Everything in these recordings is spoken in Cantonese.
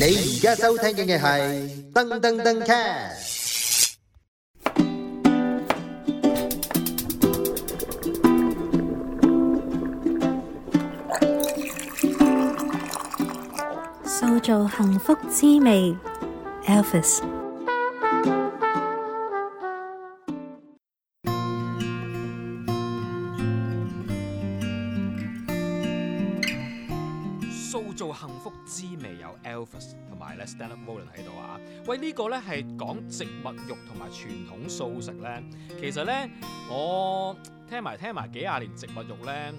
你而家收聽嘅係燈登登 cat，塑造幸福滋味，Elvis。做幸福滋味有 Alpha 同埋咧 Stanley Wollen 喺度啊！喂，這個、呢個咧係講植物肉同埋傳統素食咧。其實咧，我聽埋聽埋幾廿年植物肉咧，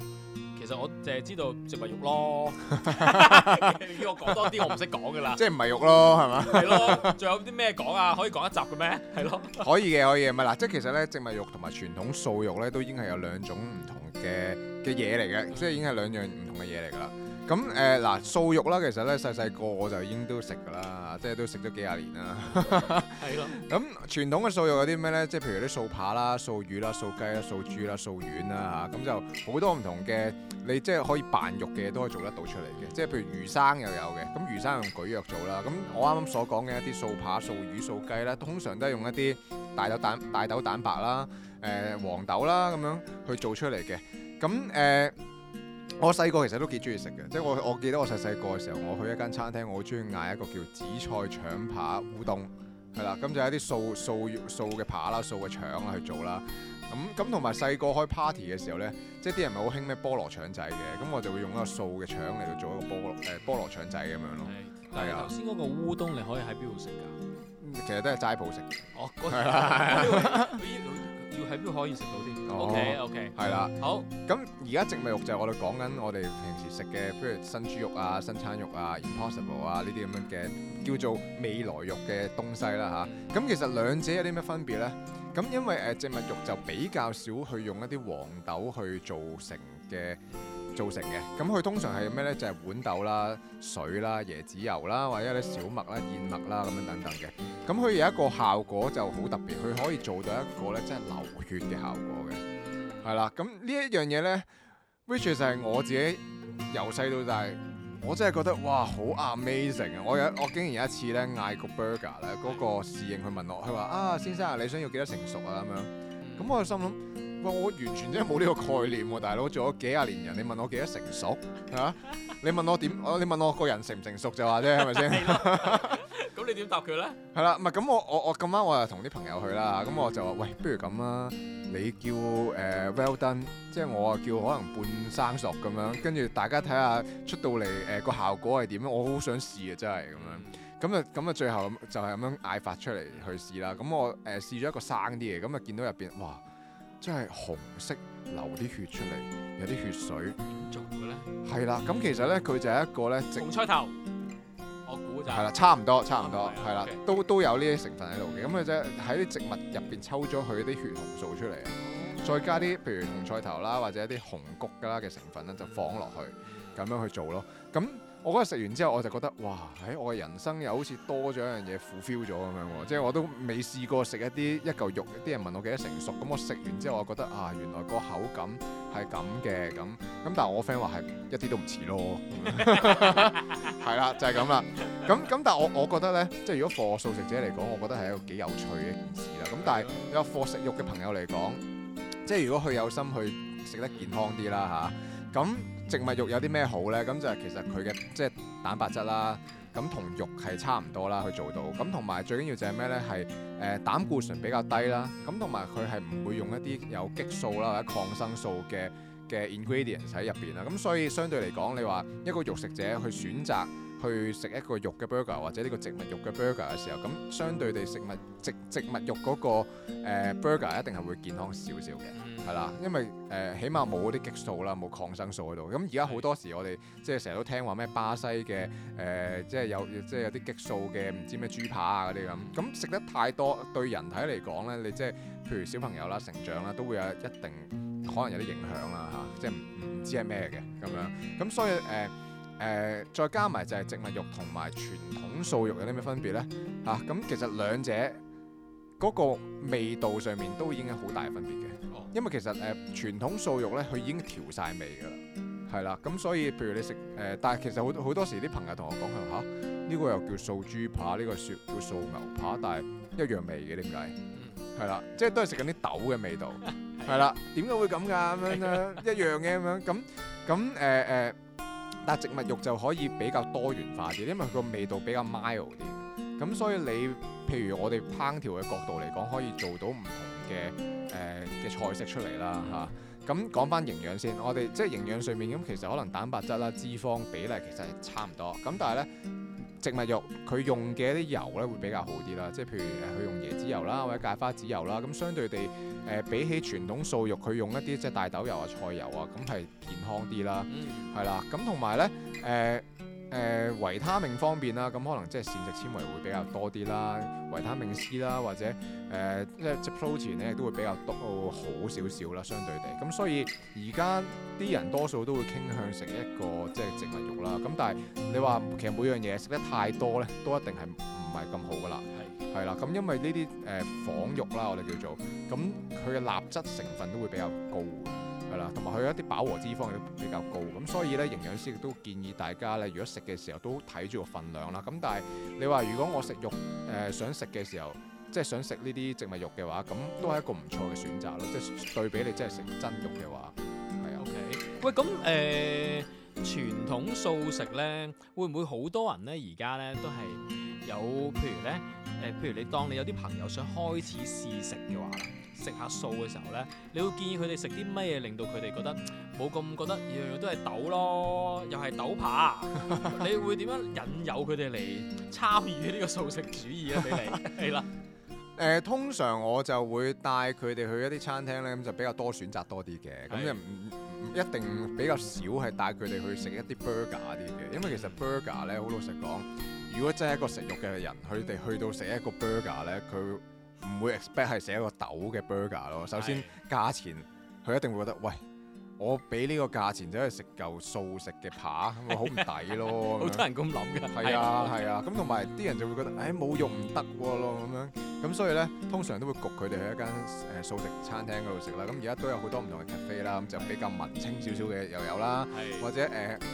其實我就係知道植物肉咯。 要我講多啲，我唔識講噶啦。即係唔係肉咯，係嘛？係 咯。仲有啲咩講啊？可以講一集嘅咩？係咯，可。可以嘅，可以。咪嗱，即係其實咧，植物肉同埋傳統素肉咧，都已經係有兩種唔同嘅嘅嘢嚟嘅，即係、嗯、已經係兩樣唔同嘅嘢嚟噶啦。咁誒嗱素肉啦，其實咧細細個我就已經都食㗎啦，即係都食咗幾廿年啦。係咯 的。咁傳統嘅素肉有啲咩咧？即係譬如啲素扒啦、素魚啦、素雞啦、素豬啦、素丸啦嚇，咁就好多唔同嘅，你即係可以扮肉嘅嘢都可以做得到出嚟嘅。即係譬如魚生又有嘅，咁魚生用蒟蒻做啦。咁我啱啱所講嘅一啲素扒、素魚、素雞啦、啊，通常都係用一啲大豆蛋、大豆蛋白啦、誒、呃、黃豆啦咁樣去做出嚟嘅。咁誒。呃我細個其實都幾中意食嘅，即係我我記得我細細個嘅時候，我去一間餐廳，我好中意嗌一個叫紫菜腸扒烏冬，係啦，咁就有、係、啲素素素嘅扒啦，素嘅腸去做啦。咁咁同埋細個開 party 嘅時候呢，即係啲人咪好興咩菠蘿腸仔嘅，咁我就會用一個素嘅腸嚟到做一個菠蘿誒、呃、菠蘿腸仔咁樣咯。係啊，係啊，但係頭先嗰個烏冬你可以喺邊度食㗎？其實都係齋舖食。哦，要喺邊可以食到添？OK OK，係啦了。好。咁而家植物肉就係我哋講緊，我哋平時食嘅，譬如新豬肉啊、新飼肉啊、Impossible 啊呢啲咁樣嘅叫做未來肉嘅東西啦、啊、吓，咁其實兩者有啲咩分別咧？咁因為誒植物肉就比較少去用一啲黃豆去做成嘅。造成嘅，咁佢通常係咩呢？就係豌豆啦、水啦、椰子油啦，或者啲小麥啦、燕麥啦咁樣等等嘅。咁佢有一個效果就好特別，佢可以做到一個咧，即係流血嘅效果嘅。係啦，咁呢一樣嘢呢 which 就係我自己由細到大，我真係覺得哇，好 amazing 啊！我有我竟然有一次呢嗌個 burger 咧，嗰個侍應佢問我，佢話啊，先生你想要幾多成熟啊？咁樣，咁我心諗。喂，我完全真係冇呢個概念喎，啊，大佬做咗幾廿年人，你問我幾多成熟嚇、 啊？你問我點、啊？你問我個人成唔成熟就話啫，係咪先？咁 你點答佢咧？係啦，唔係咁我我我今晚我又同啲朋友去啦。咁我就話：喂，不如咁啦，你叫誒、呃、Well done，即係我啊叫可能半生熟咁樣，跟住大家睇下出到嚟誒個效果係點啊？我好想試啊，真係咁樣咁啊咁啊，就就最後就係咁樣嗌發出嚟去試啦。咁我誒、呃、試咗一個生啲嘢，咁啊見到入邊哇！即係紅色流啲血出嚟，有啲血水。點做嘅咧？係啦，咁其實咧佢就係一個咧紅菜頭，我估就係啦，差唔多，差唔多，係啦，都都有呢啲成分喺度嘅。咁佢就係喺啲植物入邊抽咗佢啲血紅素出嚟，再加啲譬如紅菜頭啦，或者一啲紅麴啦嘅成分咧，就放落去，咁樣去做咯。咁我覺得食完之後我就覺得，哇！喺我嘅人生又好似多咗一樣嘢 feel 咗咁樣喎。即係我都未試過食一啲一嚿肉，啲人問我幾多成熟，咁我食完之後我覺得啊，原來個口感係咁嘅，咁咁。但係我 friend 話係一啲都唔似咯，係啦， 就係咁啦。咁咁，但係我我覺得咧，即係如果貨素食者嚟講，我覺得係一個幾有趣嘅一件事啦。咁但係如果貨食肉嘅朋友嚟講，即係如果佢有心去食得健康啲啦嚇，咁、啊。植物肉有啲咩好呢？咁就其實佢嘅即係蛋白質啦，咁同肉係差唔多啦，去做到。咁同埋最緊要就係咩呢？係誒、呃、膽固醇比較低啦，咁同埋佢係唔會用一啲有激素啦、或者抗生素嘅嘅 ingredients 喺入邊啦。咁所以相對嚟講，你話一個肉食者去選擇，去食一個肉嘅 burger 或者呢個植物肉嘅 burger 嘅時候，咁相對地食物植植物肉嗰、那個、呃、burger 一定係會健康少少嘅，係啦，因為誒、呃、起碼冇嗰啲激素啦，冇抗生素喺度。咁而家好多時我哋即係成日都聽話咩巴西嘅誒、呃，即係有即係有啲激素嘅唔知咩豬扒啊嗰啲咁。咁食得太多對人體嚟講咧，你即係譬如小朋友啦、成長啦，都會有一定可能有啲影響啦吓、啊，即係唔知係咩嘅咁樣。咁所以誒。呃誒、呃，再加埋就係植物肉同埋傳統素肉有啲咩分別咧？嚇、啊，咁其實兩者嗰個味道上面都已經好大分別嘅。因為其實誒、呃、傳統素肉咧，佢已經調晒味㗎啦，係啦。咁所以譬如你食誒、呃，但係其實好多好多時啲朋友同我講佢嚇，呢、啊這個又叫素豬扒，呢、這個説叫素牛扒，但係一樣味嘅，點解？嗯。係啦，即係都係食緊啲豆嘅味道，係啦。 點解會咁㗎？咁樣 一樣嘅咁樣咁咁誒誒。但植物肉就可以比較多元化啲，因為佢個味道比較 mild 啲，咁所以你譬如我哋烹調嘅角度嚟講，可以做到唔同嘅誒嘅菜式出嚟啦，嚇、啊。咁講返營養先，我哋即係營養上面，咁其實可能蛋白質啦、脂肪比例其實係差唔多，咁但係呢。植物肉佢用嘅一啲油咧會比較好啲啦，即係譬如誒佢用椰子油啦或者芥花籽油啦，咁相對地誒、呃、比起傳統素肉佢用一啲即係大豆油啊、菜油啊咁係健康啲啦，係啦、嗯，咁同埋咧誒。誒維、呃、他命方面啦，咁、嗯、可能即係膳食纖維會比較多啲啦，維他命 C 啦，或者誒即、呃、係即、就是、protein 咧，都會比較多、哦、好少少啦，相對地。咁、嗯、所以而家啲人多數都會傾向食一個即係、就是、植物肉啦。咁、嗯、但係你話其實每樣嘢食得太多咧，都一定係唔係咁好㗎啦。係係啦，咁、嗯、因為呢啲誒仿肉啦，我哋叫做，咁佢嘅鈉質成分都會比較高。係啦，同埋佢有一啲飽和脂肪亦都比較高，咁所以咧營養師亦都建議大家咧，如果食嘅時候都睇住個份量啦。咁但係你話如果我食肉誒、呃、想食嘅時候，即係想食呢啲植物肉嘅話，咁都係一個唔錯嘅選擇咯。即係對比你真係食真肉嘅話，係 k、okay、喂，咁誒、呃、傳統素食咧，會唔會好多人咧而家咧都係有譬如咧？誒，譬如你當你有啲朋友想開始試食嘅話，食下素嘅時候咧，你會建議佢哋食啲乜嘢令到佢哋覺得冇咁覺得樣樣都係豆咯，又係豆扒， 你會點樣引誘佢哋嚟參與呢個素食主義啊？你哋係啦，誒、呃，通常我就會帶佢哋去一啲餐廳咧，咁就比較多選擇多啲嘅。咁是就唔一定比較少係帶佢哋去食一啲 burger 啲嘅，因為其實 burger 咧，好老實講。如果真係一個食肉嘅人，佢哋、嗯、去到食一個 burger 咧，佢唔會 expect 係食一個豆嘅 burger 咯。首先價錢，佢的一定會覺得，喂，我俾呢個價錢就可以食嚿素食嘅扒，好唔抵咯。好 樣多人咁諗嘅，係啊係啊，咁同埋啲人就會覺得，唉、哎、冇肉唔得喎，咁樣。咁所以咧，通常都會焗佢哋去一間誒素食餐廳嗰度食啦。咁而家都有好多唔同嘅 cafe 啦，咁就比較文青少少嘅又有啦，或者誒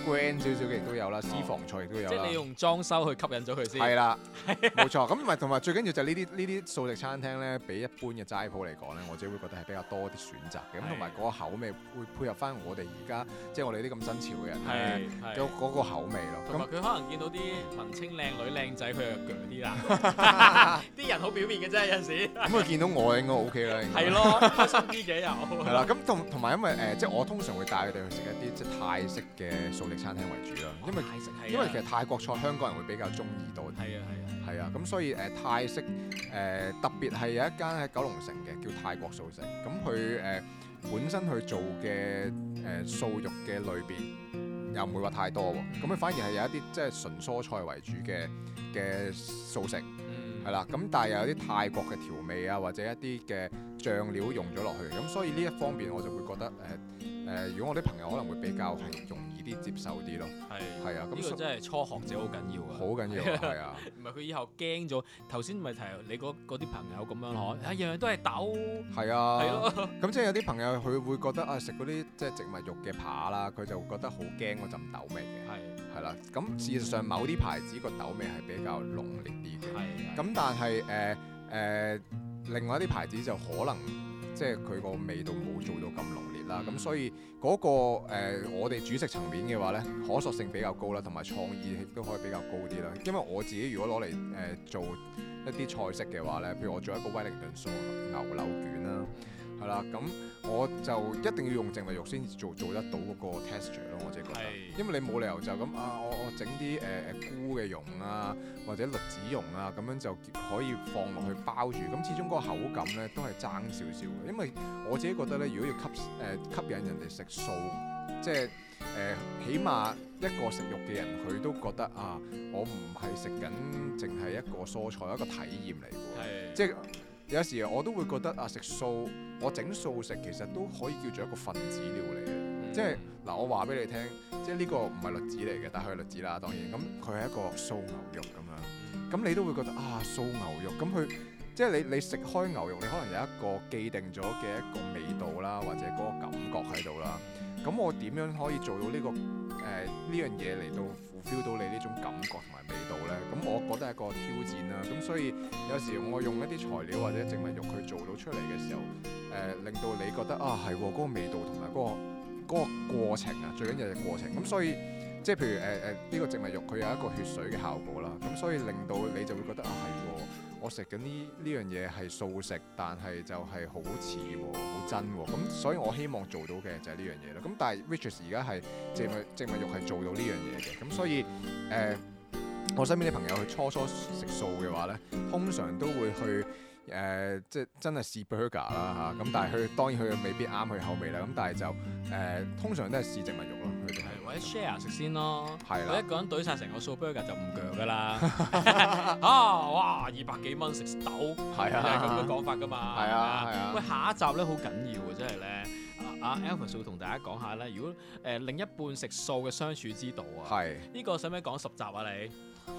grand 少少嘅亦都有啦，私房菜亦都有啦。即係你用裝修去吸引咗佢先。係啦，冇錯。咁同埋最緊要就係呢啲呢啲素食餐廳咧，比一般嘅齋鋪嚟講咧，我自己會覺得係比較多啲選擇嘅。咁同埋個口味會配合翻我哋而家即係我哋啲咁新潮嘅人嘅嗰個口味咯。同埋佢可能見到啲文青靚女靚仔，佢就鋸啲啦。啲人好表嘅真有陣時，咁佢、嗯、見到我應該 O K 啦，係咯，開心啲幾啦，咁同同埋因為誒、呃，即係我通常會帶佢哋去食一啲即係泰式嘅素食餐廳為主啦。因為、啊、因為其實泰國菜香港人會比較中意多啲。係啊係啊。係啊，咁、啊、所以誒、呃、泰式誒、呃、特別係有一間喺九龍城嘅叫泰國素食，咁佢誒本身去做嘅誒、呃、素肉嘅類別又唔會話太多喎，咁、嗯、咧反而係有一啲即係純蔬菜為主嘅嘅素食。係啦，咁但係又有啲泰國嘅調味啊，或者一啲嘅醬料用咗落去，咁所以呢一方面我就會覺得誒誒、呃，如果我啲朋友可能會比較係容易啲接受啲咯。係係啊，咁呢個真係初學者好緊要啊。好緊要、嗯、係啊。唔係佢以後驚咗，頭先咪提你嗰啲朋友咁樣，係啊樣樣都係豆。係啊。係咯。咁即係有啲朋友佢會覺得啊，食嗰啲即係植物肉嘅扒啦，佢就會覺得好驚嗰陣豆味嘅。我就係啦，咁事實上某啲牌子個豆味係比較濃烈啲嘅，咁係但係誒誒，另外一啲牌子就可能即係佢個味道冇做到咁濃烈啦，咁、嗯、所以嗰個、呃、我哋主食層面嘅話咧，可塑性比較高啦，同埋創意都可以比較高啲啦。因為我自己如果攞嚟誒做一啲菜式嘅話咧，譬如我做一個威靈頓素牛柳卷啦。啦咁，嗯、我就一定要用淨泥肉先做做得到嗰個 texture 咯，我自己覺得。係。因為你冇理由就咁啊！我我整啲誒菇嘅蓉啊，或者栗子蓉啊，咁樣就可以放落去包住。咁始終嗰個口感咧都係爭少少嘅。因為我自己覺得咧，如果要吸誒、呃、吸引人哋食素，即係誒、呃、起碼一個食肉嘅人，佢都覺得啊，我唔係食緊淨係一個蔬菜，一個體驗嚟嘅。係。即係。有時我都會覺得啊，食素，我整素食其實都可以叫做一個分子料理嘅，即係嗱，我話俾你聽，即係呢個唔係栗子嚟嘅，但係佢係栗子啦，當然咁佢係一個素牛肉咁樣，咁、嗯、你都會覺得啊，素牛肉咁佢即係你你食開牛肉，你可能有一個既定咗嘅一個味道啦，或者嗰個感覺喺度啦，咁我點樣可以做到呢、這個誒呢樣嘢嚟到？呃這個 feel 到你呢種感覺同埋味道呢，咁我覺得係一個挑戰啦。咁所以有時我用一啲材料或者植物肉去做到出嚟嘅時候，誒、呃、令到你覺得啊係喎，嗰、嗰個味道同埋嗰個嗰個過程啊，最緊要係過程。咁所以即係譬如誒誒呢個植物肉佢有一個血水嘅效果啦，咁所以令到你就會覺得啊係喎。我食緊呢呢樣嘢係素食，但係就係好似好真喎、哦，咁所以我希望做到嘅就係呢樣嘢啦。咁但係 Richard 而家係植物植物肉係做到呢樣嘢嘅，咁所以誒、呃、我身邊啲朋友去初初食素嘅話咧，通常都會去誒、呃、即係真係試 burger 啦嚇，咁、啊、但係佢當然佢未必啱佢口味啦，咁但係就誒、呃、通常都係試植物肉咯。share 食先咯，佢了一個人懟晒成個素 burger 就唔夾噶啦， 啊哇二百幾蚊食豆，係啊，咁嘅講法噶嘛，係啊係啊，喂下一集咧好緊要、就是、啊真係咧，阿、啊、阿 Elvis 會同大家講下咧，如果誒、呃、另一半食素嘅相處之道啊，係是，呢個使唔使講十集啊你，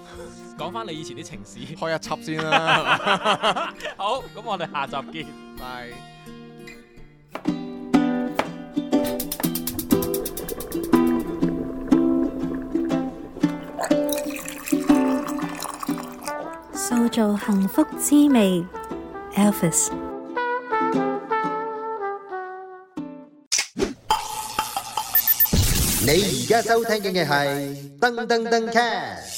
講翻你以前啲情史，開一輯先啦， 好，咁我哋下集見，拜。 做幸福滋味，Elvis。你而家收聽嘅係燈登登 Cat。